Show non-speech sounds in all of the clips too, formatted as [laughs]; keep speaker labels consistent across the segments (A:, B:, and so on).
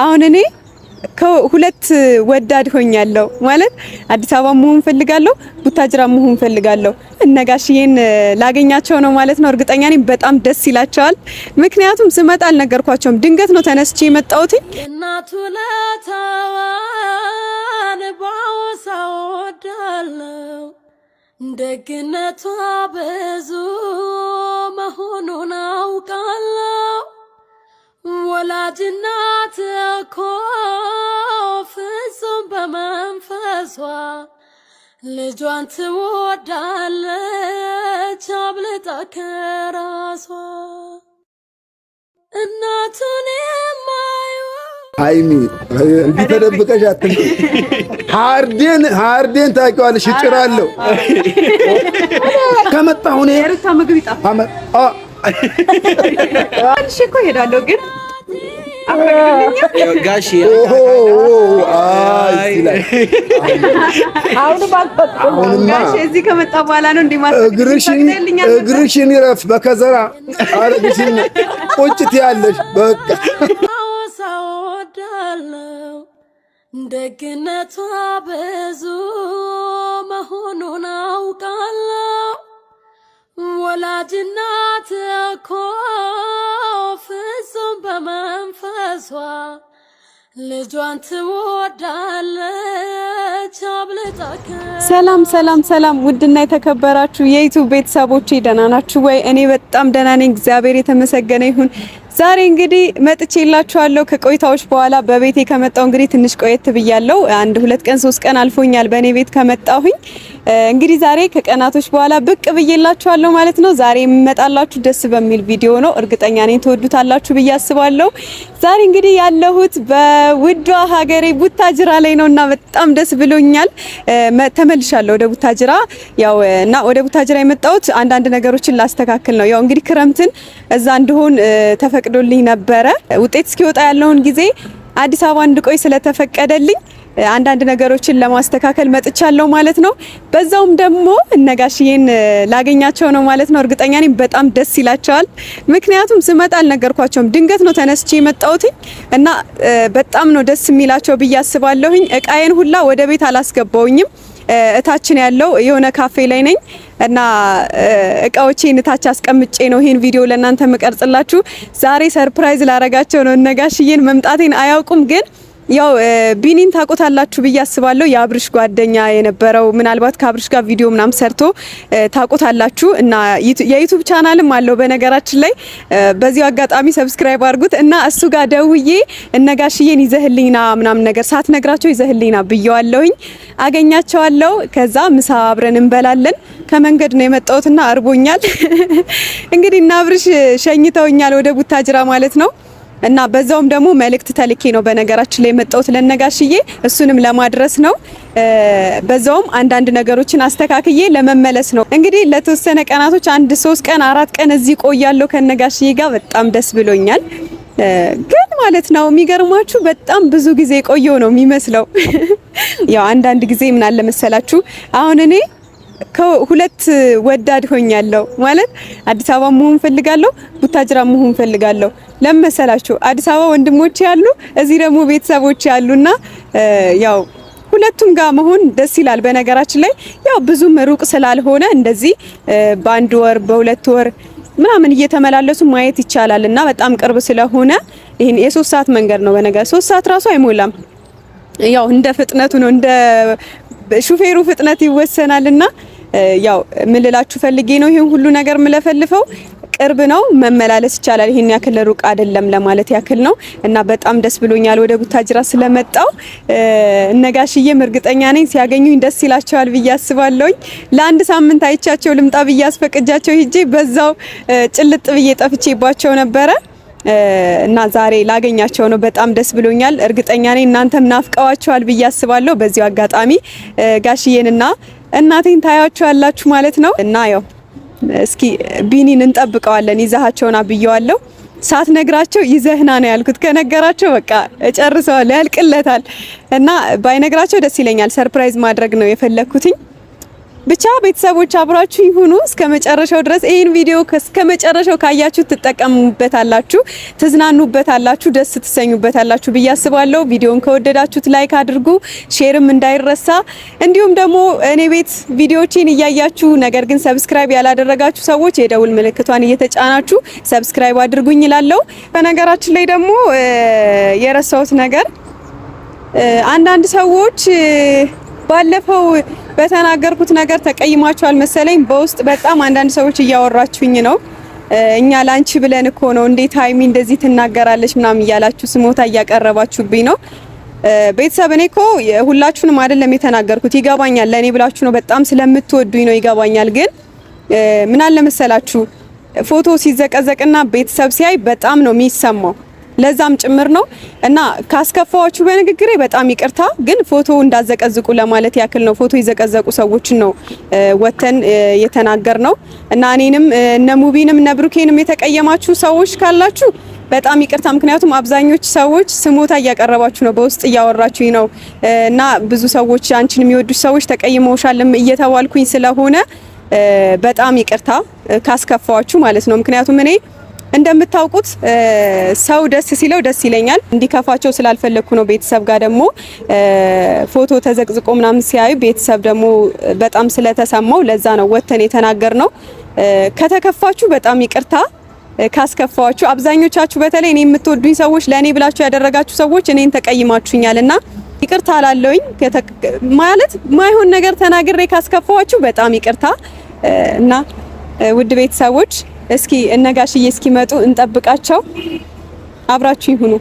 A: አሁን እኔ ከሁለት ወዳድ ሆኛለሁ ማለት አዲስ አበባ መሆን ፈልጋለሁ፣ ቡታጅራ መሆን ፈልጋለሁ። እነጋሽዬን ላገኛቸው ነው ማለት ነው። እርግጠኛ ነኝ በጣም ደስ ይላቸዋል። ምክንያቱም ስመጣ አልነገርኳቸውም፣ ድንገት ነው ተነስቼ የመጣሁት። ደግነቷ ብዙ መሆኑን አውቃለሁ ወላጅ እናት
B: እኮ ፍጹም በመንፈሷ ልጇን ትወዳለች አብልጣ ከራሷ እናቱን የማዩ አይሚ እንዲህ ተደብቀሽ አትል። ሃርዴን ሃርዴን ታውቂዋለሽ። እጭራለሁ ከመጣ ሁኔ
C: አንሺ እኮ እሄዳለሁ ግን ጋሽ እዚህ ከመጣ በኋላ ነው
B: እግርሽን ይረፍ በከዘራ አረግሽን ቁጭት ያለሽ በቃ ደግነቷ ብዙ መሆኑን አውቃለው። ወላጅ
A: እኮ ፍጹም በመንፈሷ ልጇን ትወዳለች አብልጣ። ሰላም ሰላም ሰላም! ውድና የተከበራችሁ የዩቱብ ቤተሰቦቼ ደህና ናችሁ ወይ? እኔ በጣም ደህና ነኝ፣ እግዚአብሔር የተመሰገነ ይሁን። ዛሬ እንግዲህ መጥቼ ከቆይታዎች በኋላ በቤቴ ከመጣሁ እንግዲህ ትንሽ ቆየት ብያለሁ። አንድ ሁለት ቀን ሶስት ቀን አልፎኛል በእኔ ቤት ከመጣሁኝ። እንግዲህ ዛሬ ከቀናቶች በኋላ ብቅ ብዬላችኋለሁ ማለት ነው። ዛሬ የምመጣላችሁ ደስ በሚል ቪዲዮ ነው። እርግጠኛ ነኝ ትወዱታላችሁ ብዬ አስባለሁ። ዛሬ እንግዲህ ያለሁት በውዷ ሀገሬ ቡታጅራ ላይ ነው እና በጣም ደስ ብሎኛል። ተመልሻለሁ ወደ ቡታጅራ ያው እና ወደ ቡታጅራ የመጣሁት አንዳንድ ነገሮችን ላስተካክል ነው። ያው እንግዲህ ክረምትን እዛ እንደሆን ተፈ ተፈቅዶልኝ ነበረ። ውጤት እስኪወጣ ያለውን ጊዜ አዲስ አበባ እንድቆይ ስለተፈቀደልኝ አንዳንድ ነገሮችን ለማስተካከል መጥቻለሁ ማለት ነው። በዛውም ደግሞ እነጋሽዬን ላገኛቸው ነው ማለት ነው። እርግጠኛ ነኝ በጣም ደስ ይላቸዋል። ምክንያቱም ስመጣ አልነገርኳቸውም፣ ድንገት ነው ተነስቼ የመጣሁትኝ እና በጣም ነው ደስ የሚላቸው ብዬ አስባለሁኝ። እቃዬን ሁላ ወደ ቤት አላስገባውኝም። እታችን ያለው የሆነ ካፌ ላይ ነኝ እና እቃዎቼን ታች አስቀምጬ ነው ይሄን ቪዲዮ ለእናንተ መቀርጽላችሁ። ዛሬ ሰርፕራይዝ ላረጋቸው ነው እነጋሽዬን መምጣቴን አያውቁም ግን ያው ቢኒን ታቆታላችሁ ብዬ አስባለሁ። የአብርሽ ጓደኛ የነበረው ምናልባት ከአብርሽ ጋር ቪዲዮ ምናም ሰርቶ ታቆታላችሁ እና የዩቱብ ቻናልም አለው በነገራችን ላይ በዚሁ አጋጣሚ ሰብስክራይብ አድርጉት እና እሱ ጋር ደውዬ እነጋሽዬን ይዘህልኝና ምናምን ነገር ነግራቸው ይዘህልኝና ብየዋለሁኝ። አገኛቸዋለሁ። ከዛ ምሳ አብረን እንበላለን። ከመንገድ ነው የመጣሁትና አርቦኛል። [laughs] እንግዲህ እና አብርሽ ሸኝተውኛል ወደ ቡታጅራ ማለት ነው። እና በዛውም ደግሞ መልእክት ተልኬ ነው በነገራችን ላይ የመጣሁት ለነጋሽዬ እሱንም ለማድረስ ነው። በዛውም አንዳንድ ነገሮችን አስተካክዬ ለመመለስ ነው። እንግዲህ ለተወሰነ ቀናቶች አንድ ሶስት ቀን አራት ቀን እዚህ ቆያለሁ ከነጋሽዬ ጋር በጣም ደስ ብሎኛል። ግን ማለት ነው የሚገርማችሁ በጣም ብዙ ጊዜ ቆየው ነው የሚመስለው። [laughs] ያው አንዳንድ ጊዜ ምን አለ መሰላችሁ አሁን እኔ ከሁለት ወዳድ ሆኛለሁ ማለት አዲስ አበባ መሆን ፈልጋለሁ፣ ቡታጅራ መሆን ፈልጋለሁ። ለመሰላችሁ አዲስ አበባ ወንድሞች ያሉ፣ እዚህ ደግሞ ቤተሰቦች ያሉና ያው ሁለቱም ጋር መሆን ደስ ይላል። በነገራችን ላይ ያው ብዙም ሩቅ ስላልሆነ እንደዚህ በአንድ ወር በሁለት ወር ምናምን እየተመላለሱ ማየት ይቻላል እና በጣም ቅርብ ስለሆነ ይሄን የሶስት ሰዓት መንገድ ነው። በነገር ሶስት ሰዓት ራሱ አይሞላም። ያው እንደ ፍጥነቱ ነው እንደ ሹፌሩ ፍጥነት ይወሰናልና ያው ምልላችሁ ፈልጌ ነው ይሄን ሁሉ ነገር ምለፈልፈው ቅርብ ነው፣ መመላለስ ይቻላል። ይሄን ያክል ሩቅ አይደለም ለማለት ያክል ነው እና በጣም ደስ ብሎኛል ወደ ቡታጅራ ስለመጣው። እነጋሽዬም እርግጠኛ ነኝ ሲያገኙኝ ደስ ይላቸዋል ብዬ አስባለሁኝ። ለአንድ ሳምንት አይቻቸው ልምጣ ብዬ አስፈቅጃቸው ሂጄ በዛው ጭልጥ ብዬ ጠፍቼባቸው ነበረ። እና ዛሬ ላገኛቸው ነው በጣም ደስ ብሎኛል። እርግጠኛ ነኝ እናንተም ናፍቀዋቸዋል ብዬ አስባለሁ። በዚሁ አጋጣሚ ጋሽዬንና እናቴን ታያቸዋላችሁ ማለት ነው እና ያው እስኪ ቢኒን እንጠብቀዋለን። ይዛሃቸውና ብየዋለሁ ሳት ነግራቸው ይዘህና ነው ያልኩት። ከነገራቸው በቃ እጨርሰዋለሁ ያልቅለታል። እና ባይነግራቸው ደስ ይለኛል። ሰርፕራይዝ ማድረግ ነው የፈለኩትኝ ብቻ ቤተሰቦች አብራችሁ ይሁኑ እስከ መጨረሻው ድረስ። ይህን ቪዲዮ እስከ መጨረሻው ካያችሁ ትጠቀሙበታላችሁ፣ ትዝናኑበታላችሁ፣ ደስ ትሰኙበታላችሁ ብዬ አስባለሁ። ቪዲዮን ከወደዳችሁት ላይክ አድርጉ፣ ሼርም እንዳይረሳ። እንዲሁም ደግሞ እኔ ቤት ቪዲዮዎችን እያያችሁ ነገር ግን ሰብስክራይብ ያላደረጋችሁ ሰዎች የደውል ምልክቷን እየተጫናችሁ ሰብስክራይብ አድርጉኝ እላለሁ። በነገራችን ላይ ደግሞ የረሳሁት ነገር አንዳንድ ሰዎች ባለፈው በተናገርኩት ነገር ተቀይማችኋል መሰለኝ። በውስጥ በጣም አንዳንድ ሰዎች እያወራችሁኝ ነው። እኛ ላንቺ ብለን እኮ ነው እንዴት ሀይሚ እንደዚህ ትናገራለች ምናምን እያላችሁ ስሞታ እያቀረባችሁብኝ ነው። ቤተሰብ እኔ እኮ ሁላችሁንም አይደለም የተናገርኩት፣ ይገባኛል። ለእኔ ብላችሁ ነው በጣም ስለምትወዱኝ ነው ይገባኛል። ግን ምን አለ መሰላችሁ ፎቶ ሲዘቀዘቅና ቤተሰብ ሲያይ በጣም ነው የሚሰማው ለዛም ጭምር ነው እና ካስከፋዋችሁ በንግግሬ በጣም ይቅርታ፣ ግን ፎቶ እንዳዘቀዝቁ ለማለት ያክል ነው። ፎቶ የዘቀዘቁ ሰዎችን ነው ወተን የተናገር ነው እና እኔንም እነ ሙቢንም እነ ብሩኬንም የተቀየማችሁ ሰዎች ካላችሁ በጣም ይቅርታ። ምክንያቱም አብዛኞች ሰዎች ስሞታ እያቀረባችሁ ነው፣ በውስጥ እያወራችሁኝ ነው እና ብዙ ሰዎች አንቺን የሚወዱ ሰዎች ተቀይመውሻልም እየተባልኩኝ ስለሆነ በጣም ይቅርታ ካስከፋዋችሁ ማለት ነው። ምክንያቱም እኔ እንደምታውቁት ሰው ደስ ሲለው ደስ ይለኛል። እንዲከፋቸው ስላልፈለግኩ ነው። ቤተሰብ ጋር ደግሞ ፎቶ ተዘቅዝቆ ምናምን ሲያዩ ቤተሰብ ደግሞ በጣም ስለተሰማው ለዛ ነው ወተን የተናገር ነው። ከተከፋችሁ በጣም ይቅርታ ካስከፋችሁ አብዛኞቻችሁ በተለይ እኔ የምትወዱኝ ሰዎች ለእኔ ብላችሁ ያደረጋችሁ ሰዎች እኔን ተቀይማችሁኛል እና ይቅርታ አላለውኝ ማለት ማይሆን ነገር ተናግሬ ካስከፋዋችሁ በጣም ይቅርታ እና ውድ ቤተሰቦች እስኪ እነጋሽዬ እስኪመጡ እንጠብቃቸው። አብራችሁ ይሁኑ።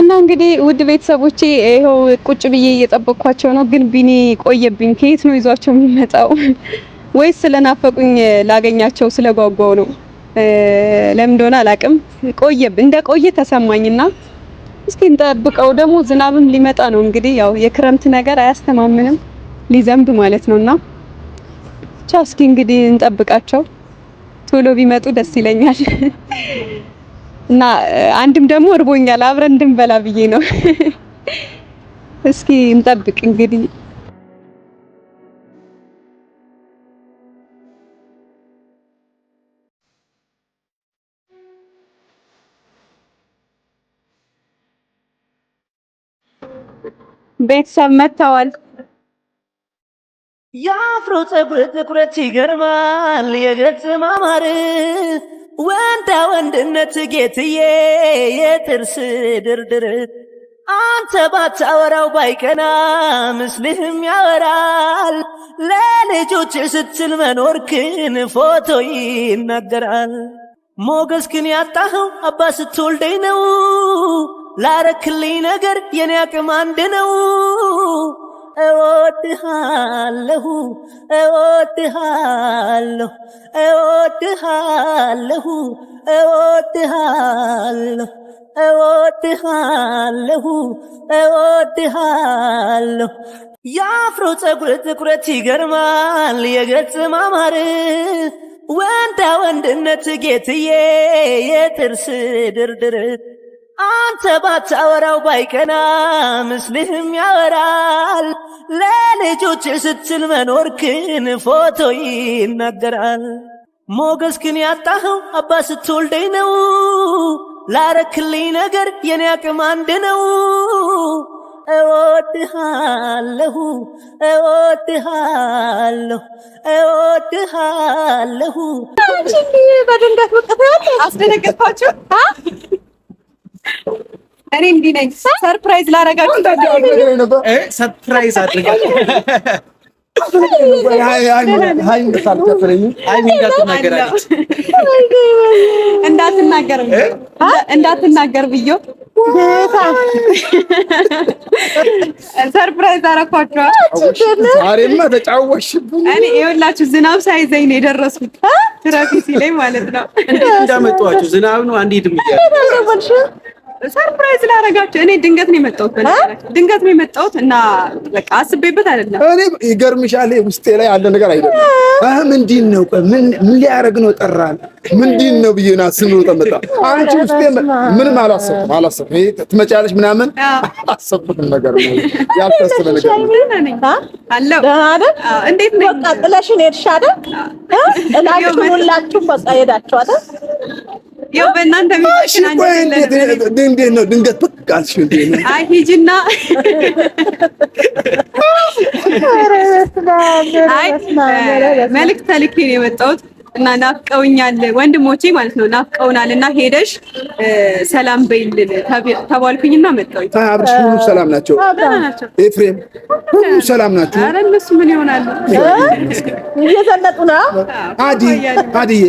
A: እና እንግዲህ ውድ ቤተሰቦቼ ይኸው ቁጭ ብዬ እየጠበቅኳቸው ነው፣ ግን ቢኒ ቆየብኝ። ከየት ነው ይዟቸው የሚመጣው? ወይስ ስለናፈቁኝ ላገኛቸው ስለጓጓው ነው? ለምን እንደሆነ አላውቅም። ቆየብ እንደ ቆየ ተሰማኝና እስኪ እንጠብቀው። ደግሞ ዝናብም ሊመጣ ነው እንግዲህ ያው የክረምት ነገር አያስተማምንም ሊዘንብ ማለት ነውና ብቻ እስኪ እንግዲህ እንጠብቃቸው። ቶሎ ቢመጡ ደስ ይለኛል። [laughs] እና አንድም ደግሞ እርቦኛል አብረን እንድንበላ ብዬ ነው። [laughs] እስኪ እንጠብቅ እንግዲህ ቤተሰብ መጥተዋል። የአፍሮ ፀጉር ትኩረት ይገርማል። የገጽ ማማር ወንዳ ወንድነት ጌትዬ የጥርስ ድርድር አንተ ባታወራው ባይቀና ምስልህም ያወራል። ለልጆች ስትል መኖርክን ፎቶ ይናገራል። ሞገስ ክን ያጣኸው አባ ስትወልደኝ ነው። ላረክልኝ ነገር የኔ አቅም አንድ ነው። እወድሃለሁ እወድሃለሁ እወድሃለሁ እወድሃለሁ እወድሃለሁ
C: እወድሃለሁ። የአፍሮ ፀጉር ጥቁረት ይገርማል፣ የገጽ ማማር ወንዳ ወንድነት ጌትዬ የጥርስ ድርድር አንተ ባታወራው ባይቀና ምስልህም ያወራል። ለልጆች ስትል መኖርክን ፎቶ ይናገራል። ሞገስክን ያጣኸው አባ ስትወልደኝ ነው። ላረክልኝ ነገር የኔ አቅም አንድ ነው። እወድሃለሁ እወድሃለሁ እወድሃለሁ። በድንገት ወቅት አስደነገጥኳቸው። እኔ እንዲህ ነኝ። ሰርፕራይዝ ላደርጋችሁ
B: ሰርፕራይዝ አድርጋችሁ
C: እንዳትናገር እንዳትናገር ብዬ ሰርፕራይዝ አደረኳቸው።
B: ዛሬማ ተጫወሽብኝ።
C: እኔ ይኸውላችሁ ዝናብ ሳይዘኝ ነው የደረስኩት ትራፊክ ሲለኝ ማለት ነው።
B: እንዳመጣኋቸው ዝናብ ነው አንዴ ሂድም
C: ሰርፕራይዝ ላደርጋቸው እኔ ድንገት ነው የመጣሁት፣ ድንገት ነው የመጣሁት እና በቃ አስቤበት አይደለም።
B: እኔ ይገርምሻል፣ ውስጤ ላይ ያለ ነገር አይደለም። አህ ምንድን ነው ምን ምን ሊያደርግ ነው ጠራን? ምንድን ነው ብዬ ነው አስብ ነው ተመጣ። አንቺ ውስጤ ምንም አላሰብኩም አላሰብኩም። ይሄ ትመጫለሽ ምናምን አሰብኩት ነገር ነው ያልተሰበ ነገር
C: ነው አለው አይደል? እንዴት ነው በቃ ጥለሽን ሄድሽ አይደል? እላችሁ ሁላችሁም በቃ ሄዳችሁ አይደል? ያው በእናንተ
B: ቢሆን እንዴት ነው? ድንገት ብቅ አልሽ
C: አይ ሂጂና፣ አይ መልዕክት ተልኬ ነው የመጣሁት እና ናፍቀውኛል ወንድሞቼ ማለት ነው ናፍቀውናል። እና ሄደሽ ሰላም በይልን ተባልኩኝና መጣሁ።
B: አብርሽ ሁሉም ሰላም ናቸው፣ ኤፍሬም ሁሉም ሰላም ናቸው። ኧረ እነሱ ምን ይሆናሉ እየሰለጡ ነው። አዲ አዲዬ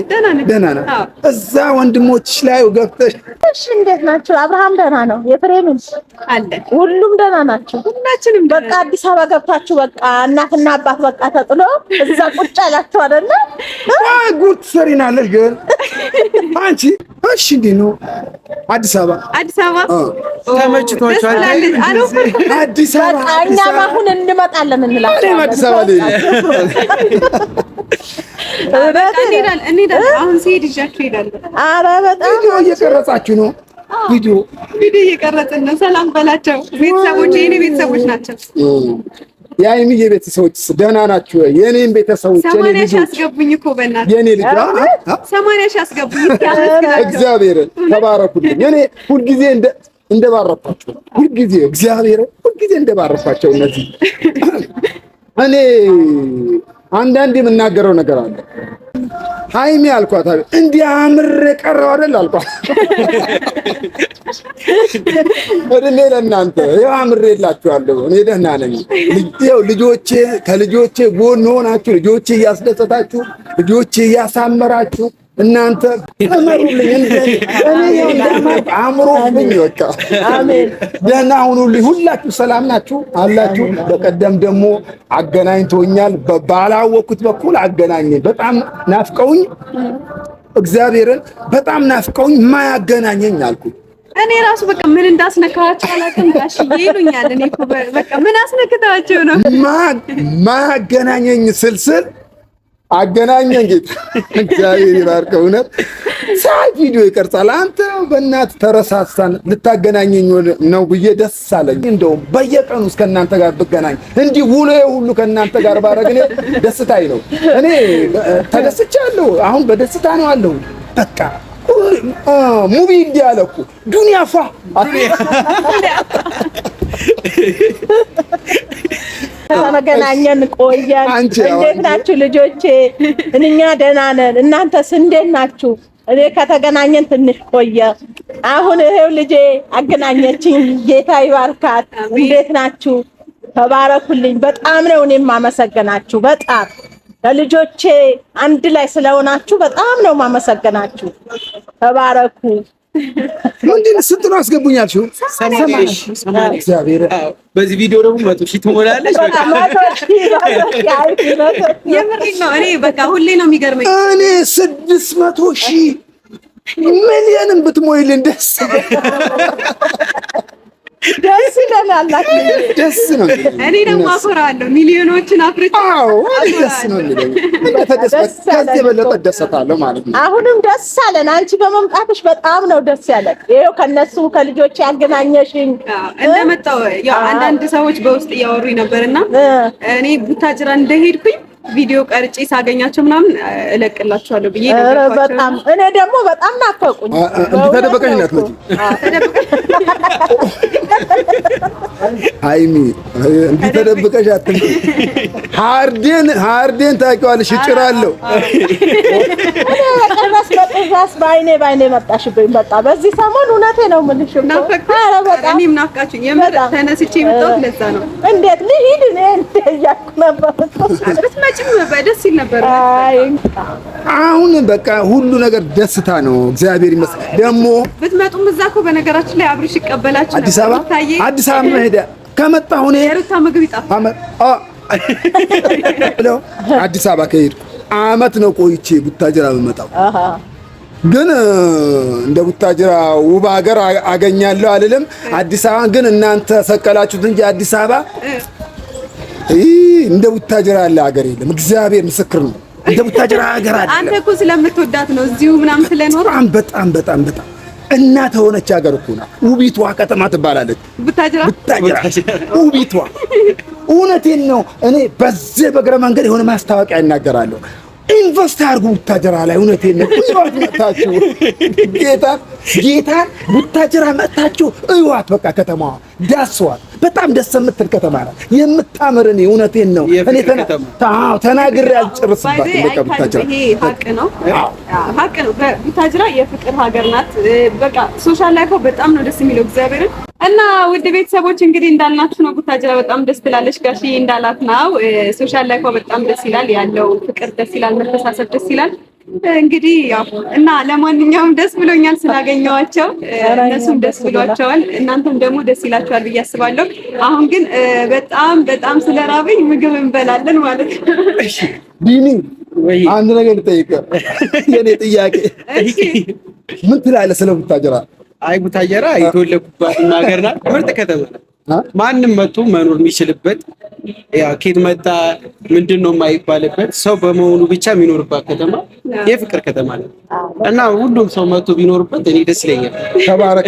B: ደህና ነው። እዛ ወንድሞች ላይ ገብተሽ
C: እሺ፣ እንዴት ናቸው? አብርሃም ደህና ነው፣ ኤፍሬም አለ፣ ሁሉም ደህና ናቸው። ሁላችንም በቃ አዲስ አበባ ገብታችሁ በቃ እናትና አባት በቃ ተጥሎ እዛ ቁጭ አላችሁ አይደለ?
B: ፀጉር ትሰሪናለሽ ግን አንቺ እሺ፣ እንዴት ነው አዲስ አበባ?
C: አዲስ አበባ ተመችቷቸዋል።
B: አዲስ አበባ
C: እኛም አሁን እንመጣለን
B: እንላለን። አዲስ አበባ አሁን ሲሄድ እየቀረጻችሁ ነው። ቪዲዮ
C: ቪዲዮ እየቀረጽን ነው። ሰላም በላቸው ቤተሰቦች፣ የእኔ ቤተሰቦች ናቸው።
B: የሀይሚዬ ቤተሰቦችስ ደህና ናችሁ? የኔን ቤተሰቦች
C: የኔ ልጅ አስገቡኝ እኮ በእናትህ የኔ ልጅ [laughs]
B: እግዚአብሔርን ተባረኩልኝ። እኔ ሁልጊዜ እንደ እንደባረኳቸው ሁልጊዜ እግዚአብሔርን ሁልጊዜ እንደባረኳቸው እነዚህ [laughs] እኔ አንዳንድ የምናገረው ነገር አለ። ሀይሚ አልኳት እንዲህ አምር ቀረው አይደል አልኳት። ወደ እኔ እናንተ ይኸው አምር የላችኋለሁ እኔ ደህና ነኝ። ይኸው ልጆቼ ከልጆቼ ጎን ሆናችሁ ልጆቼ እያስደሰታችሁ ልጆቼ እያሳመራችሁ እናንተ እመሩልኝ። አምሮብኝ በቃ ደህና ሁኑልኝ። ሁላችሁ ሰላም ናችሁ አላችሁ። በቀደም ደግሞ አገናኝቶኛል፣ ባላወቅኩት በኩል አገናኘኝ። በጣም ናፍቀውኝ፣ እግዚአብሔርን በጣም ናፍቀውኝ፣ ማያገናኘኝ አልኩኝ።
C: እኔ ራሱ በቃ ምን እንዳስነካዋቸው አላውቅም። ጋሽዬ ይሉኛል። እኔ በቃ ምን አስነክታቸው ነው
B: ማያገናኘኝ ስልስል አገናኘን ጌታ እግዚአብሔር ይባርከው። እውነት ሳይ ቪዲዮ ይቀርጻል። አንተ በእናት ተረሳሳን ልታገናኘኝ ነው ብዬ ደስ አለኝ። እንደውም በየቀኑ እስከ እናንተ ጋር ብገናኝ እንዲህ ውሎ ሁሉ ከእናንተ ጋር ባረግ ደስታይ ነው። እኔ ተደስቻለሁ። አሁን በደስታ ነው አለሁ። በቃ ሙቪ እንዲህ አለ እኮ ዱንያ ፏ
C: ተገናኘን ቆየን። እንዴት ናችሁ ልጆቼ? እኛ ደህና ነን፣ እናንተስ እንዴት ናችሁ? እኔ ከተገናኘን ትንሽ ቆየ። አሁን ይሄው ልጄ አገናኘችኝ። ጌታ ይባርካት። እንዴት ናችሁ? ተባረኩልኝ። በጣም ነው እኔ የማመሰግናችሁ። በጣም ለልጆቼ አንድ ላይ ስለሆናችሁ በጣም ነው የማመሰግናችሁ። ተባረኩ።
B: ምንድን ስንት ነው አስገቡኛል? በዚህ ቪዲዮ ደግሞ መቶ ሺህ ትሞላለች።
C: እኔ በቃ ሁሌ ነው የሚገርመኝ።
B: እኔ ስድስት መቶ ሺህ ሚሊየንም ብትሞይልን ደስ
C: ደስ ይለናላት። ደስ ነው። እኔ ደግሞ አፈራለሁ። ሚሊዮኖችን አፍርቼ
B: አዎ፣ ደስ ነው የሚለኝ። ከዚህ የበለጠ ደሰታለሁ ማለት
C: ነው። አሁንም ደስ አለን። አንቺ በመምጣትሽ በጣም ነው ደስ ያለን። ይኸው ከነሱ ከልጆች ያገናኘሽኝ እንደመጣሁ ያው አንዳንድ ሰዎች በውስጥ እያወሩኝ ነበርና እኔ ቡታጅራ እንደሄድኩኝ ቪዲዮ ቀርጬ ሳገኛቸው ምናምን እለቅላቸዋለሁ ብዬ በጣም እኔ ደግሞ በጣም ናፈቁኝ።
B: ተደበቀኝ ናት ነው ሃይሚ እንዲህ ተደብቀሽ አትምጪ። ሃርዴን ሃርዴን ታውቂዋለሽ። እጭራለሁ
C: ራስ በአይኔ በአይኔ መጣሽብኝ። በቃ በዚህ ሰሞን እውነቴ ነው የምልሽ እኔም ናፍቃችሁኝ የምር ተነስቼ የመጣሁት ለዛ ነው። እንዴት ልሂድ እኔ እንደ እያልኩ ነበር ብትመጪ
B: አሁን በቃ ሁሉ ነገር ደስታ ነው። እግዚአብሔር ይመስገን። ደግሞ
C: ብትመጡም እዛ እኮ በነገራችን ላይ አብርሽ ይቀበላችሁ
B: አዲስ አበባ አዲስ አበባ መሄድ ከመጣ ሁኔ
C: የሩታ ምግብ ይጣፋል።
B: አዲስ አበባ ከሄድኩ አመት ነው ቆይቼ ቡታጀራ በመጣው ግን እንደ ቡታጀራ ውብ ሀገር አገኛለሁ አልልም። አዲስ አበባ ግን እናንተ ሰቀላችሁት እንጂ አዲስ አበባ እንደ ቡታጅራ ያለ ሀገር የለም። እግዚአብሔር ምስክር ነው። እንደ ቡታጅራ ሀገር አለ።
C: አንተ እኮ ስለምትወዳት ነው እዚሁ ምናምን ስለኖር
B: በጣም በጣም በጣም በጣም እናት የሆነች ሀገር እኮ ናት። ውቢቷ ከተማ ትባላለች ቡታጅራ። ቡታጅራ ውቢቷ። እውነቴን ነው። እኔ በዚህ በእግረ መንገድ የሆነ ማስታወቂያ እናገራለሁ ኢንቨስት አድርጉ ቡታጀራ ላይ። እውነቴን ነው። እዩዋት መታችሁ፣ ጌታ ጌታ ቡታጀራ መታችሁ እዩዋት። በቃ ከተማዋ ዳስዋት። በጣም ደስ የምትል ከተማ ናት፣ የምታምር። እኔ እውነቴን ነው። እኔ ተናግሬ አልጨርስባት።
C: በቃ ቡታጀራ ሀቅ ነው፣ ሀቅ ነው። ቡታጀራ የፍቅር ሀገር ናት። በቃ ሶሻል ላይፎ በጣም ነው ደስ የሚለው እግዚአብሔርን እና ውድ ቤተሰቦች እንግዲህ እንዳልናችሁ ነው፣ ቡታጅራ በጣም ደስ ትላለች። ጋሺ እንዳላት ነው ሶሻል ላይፏ በጣም ደስ ይላል፣ ያለው ፍቅር ደስ ይላል፣ መተሳሰብ ደስ ይላል። እንግዲህ ያው እና ለማንኛውም ደስ ብሎኛል ስላገኘዋቸው፣ እነሱም ደስ ብሏቸዋል፣ እናንተም ደግሞ ደስ ይላቸዋል ብዬ አስባለሁ። አሁን ግን በጣም በጣም ስለራበኝ ምግብ እንበላለን ማለት ነው።
B: ቢኒ አንድ ነገር ጠይቀ የኔ ጥያቄ ምን ትላለህ ስለ ቡታጅራ?
D: አይ ቡታየራ የተወለድኩባት ሀገር ናት። ምርጥ ከተማ ናት። ማንም መጥቶ መኖር የሚችልበት ኬት መጣ ምንድን ነው የማይባልበት ሰው በመሆኑ ብቻ የሚኖርባት ከተማ የፍቅር ከተማ ነው እና ሁሉም ሰው መጥቶ ቢኖርበት እኔ ደስ ይለኛል።
B: ተባረክ።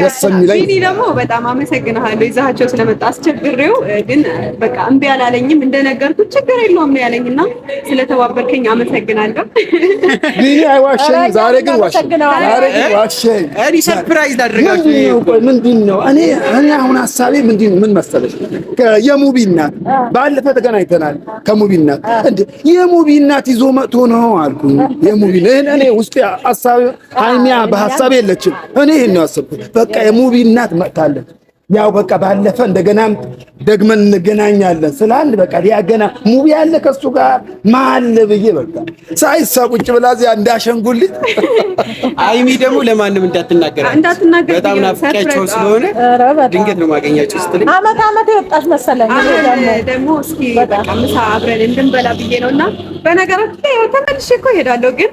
C: ደስ የሚለኝ ቢኒ ደግሞ በጣም አመሰግናለሁ። ይዛቸው ስለመጣ አስቸግሬው ግን በቃ እምቢ አላለኝም። እንደነገርኩ ችግር የለውም ነው ያለኝ እና ስለተባበርከኝ አመሰግናለሁ።
B: ቢኒ አይዋሸኝ። ዛሬ ግን ዋሸኝ።
C: እኔ ሰርፕራይዝ ላደርጋችሁ።
B: ምንድን ነው እኔ እኔ አሁን ሀሳቤ ምንድን ምን መሰለሽ፣ የሙቢ እናት ባለፈ ተገናኝተናል። ከሙቢ እናት እንደ የሙቢ እናት ይዞ መጥቶ ነው አልኩኝ። የሙቢ እኔ ውስጤ ሀሳቤ ሀይሚያ በሀሳቤ የለችም። እኔ ይህን ነው ያሰብኩት በቃ የሙቢ እናት መጥታለች። ያው በቃ ባለፈ እንደገናም ደግመን እንገናኛለን ስላል በቃ ሊያገና ሙቢ ያለ ከሱ ጋር ማለ ብዬ በቃ ሳይሳ ቁጭ ብላ እዚያ እንዳሸንጉልኝ።
D: [laughs] አይሚ ደግሞ ለማንም እንዳትናገር እንዳትናገር በጣም ናፍቄያቸው ስለሆነ ድንገት ነው ማገኛቸው
C: ስትለኝ አመት አመት የወጣች መሰለኝ። ደግሞ እስኪ በቃ ምሳ አብረን እንድንበላ ብዬ ነውና በነገራችን ላይ ተመልሼ እኮ እሄዳለሁ ግን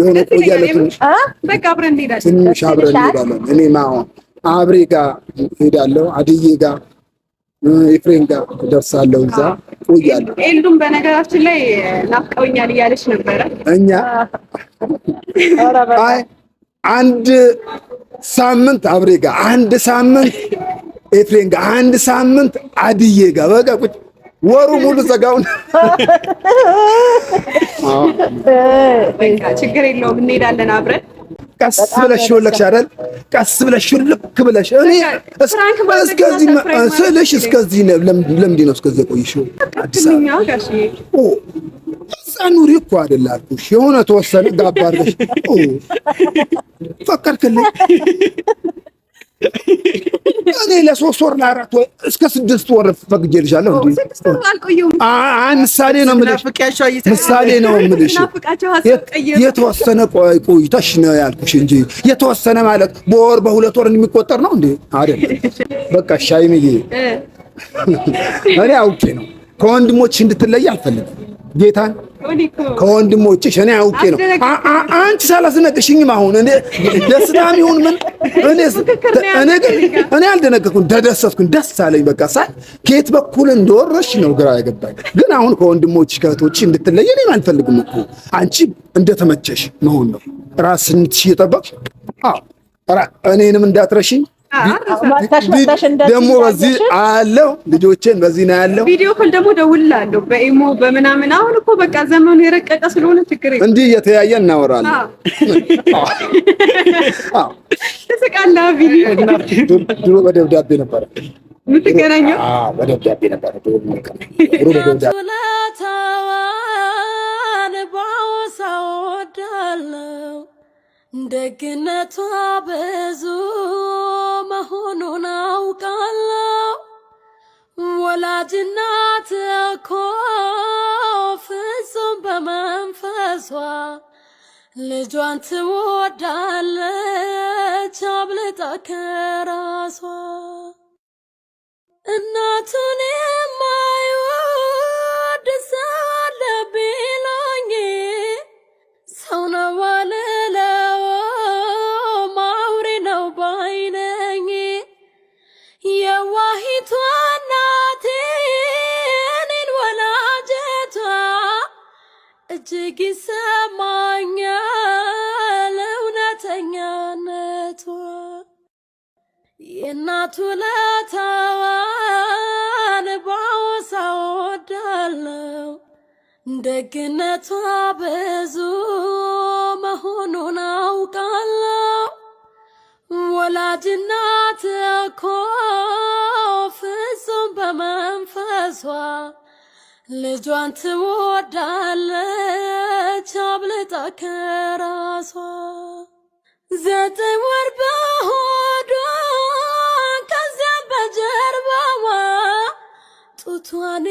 B: የሆነ ቆያለ ትንሽ
C: አብረን እንሄዳለን።
B: እኔ አብሬ ጋር ሄዳለሁ፣ አድዬ ጋር ኤፍሬም ጋር ደርሳለሁ። እዛ ቆያለሁ።
C: ኤልዱም በነገራችን ላይ ናፍቀውኛል እያለች ነበረ።
B: እኛ አይ አንድ ሳምንት አብሬ ጋር፣ አንድ ሳምንት ኤፍሬም ጋር፣ አንድ ሳምንት አድዬ ጋር በቃ ቁጭ ወሩ ሙሉ ዘጋውን።
C: ችግር የለውም እንሄዳለን አብረን።
B: ቀስ ብለሽ ሾለክሽ አይደል? ቀስ ብለሽ ሹልክ ብለሽ እኔ እስከዚህ ስልሽ እስከዚህ ለምንድን ነው እስከዚህ የቆየሽው?
C: አዲስ አበባ
B: እዛ ኑሪ እኮ አይደል አልኩሽ። የሆነ ተወሰነ ጋባርሽ አድርገሽ ፈቀድክልኝ እኔ ለሶስት ወር ለአራት ወር እስከ ስድስት ወር ፈቅጄልሻለሁ። ምሳሌ ነው ምሳሌ ነው የምልሽ። የተወሰነ ቆይተሽ ነው ያልኩሽ እንጂ የተወሰነ ማለት በወር በሁለት ወር የሚቆጠር ነው እንዴ? አይደለም። በቃ ሻይምዬ እኔ አውቄ ነው ከወንድሞች እንድትለይ አልፈልግም። ጌታን ከወንድሞችሽ እኔ አውቄ ነው። አንቺ ሳላስነቅሽኝም አሁን ደስታም ይሁን ምን እኔ አልደነገጥኩም፣ ተደሰትኩኝ። ደስ አለኝ። በቃ ሳይ ከየት በኩል እንደወረሽ ነው ግራ ያገባኝ። ግን አሁን ከወንድሞችሽ ከእህቶችሽ እንድትለይ እኔም አልፈልግም እኮ አንቺ እንደተመቸሽ መሆን ነው። ራስሽን እየጠበቅሽ እኔንም እንዳትረሽኝ ደግሞ በዚህ አለው ልጆቼን በዚህ ነው ያለው።
C: ቪዲዮ ኮል ደግሞ ደውላለሁ በኢሞ በምናምን። አሁን እኮ በቃ ዘመኑ የረቀቀ ስለሆነ ችግር
B: እንዲህ እየተያየ እናወራለን።
C: ትስቃለህ። [laughs] ቪዲዮ
B: ድሮ በደብዳቤ ነበረ
C: የምትገናኘው።
B: በደብዳቤ ነበረ ደግነቷ ብዙ መሆኑን አውቃለሁ። ወላጅናት እኮ ፍጹም በመንፈሷ ልጇን ትወዳለች አብልጣ ከራሷ እናቱን
A: እናቱ ለታዋን ባወሳ ደግነቷ ብዙ መሆኑን አውቃለው። ወላጅናት እኮ ፍጹም በመንፈሷ ልጇን ትወዳለች አብልጣ ከራሷ ዘጠኝ ወር one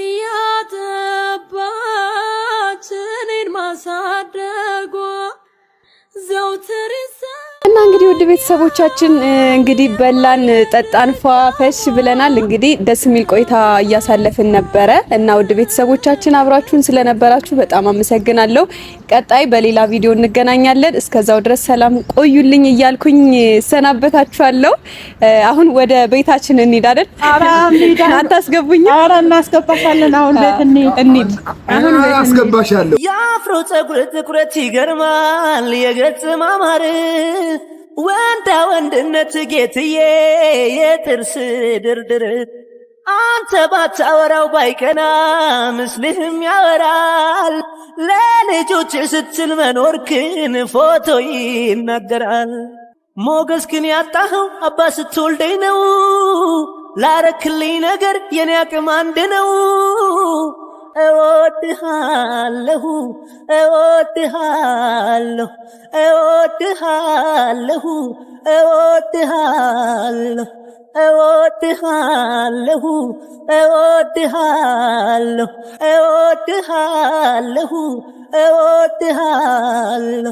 A: ውድ ቤተሰቦቻችን እንግዲህ በላን፣ ጠጣን፣ ፏፈሽ ብለናል። እንግዲህ ደስ የሚል ቆይታ እያሳለፍን ነበረ እና ውድ ቤተሰቦቻችን አብራችሁን ስለነበራችሁ በጣም አመሰግናለሁ። ቀጣይ በሌላ ቪዲዮ እንገናኛለን። እስከዛው ድረስ ሰላም ቆዩልኝ እያልኩኝ ሰናበታችኋለሁ። አሁን ወደ ቤታችን እንሄዳለን።
C: አታስገቡኝ? ኧረ እናስገባሻለን። አሁን እንሂድ።
B: አሁን አስገባሻለሁ። የአፍሮ ጸጉር ትኩረት ይገርማል። የገጽ ማማር ወንዳ ወንድነት ጌትዬ የጥርስ ድርድር አንተ ባታወራው ባይቀና ምስልህም ያወራል። ለልጆች ስትል መኖርክን ፎቶ ይናገራል። ሞገስ ግን ያጣኸው አባ ስትወልደኝ ነው። ላረክልኝ ነገር የኔ አቅም አንድ ነው። እወድሃለሁ እወድሃለሁ እወድሃለሁ እወድሃለሁ እወድሃለሁ እወድሃለሁ እወድሃለሁ እወድሃለሁ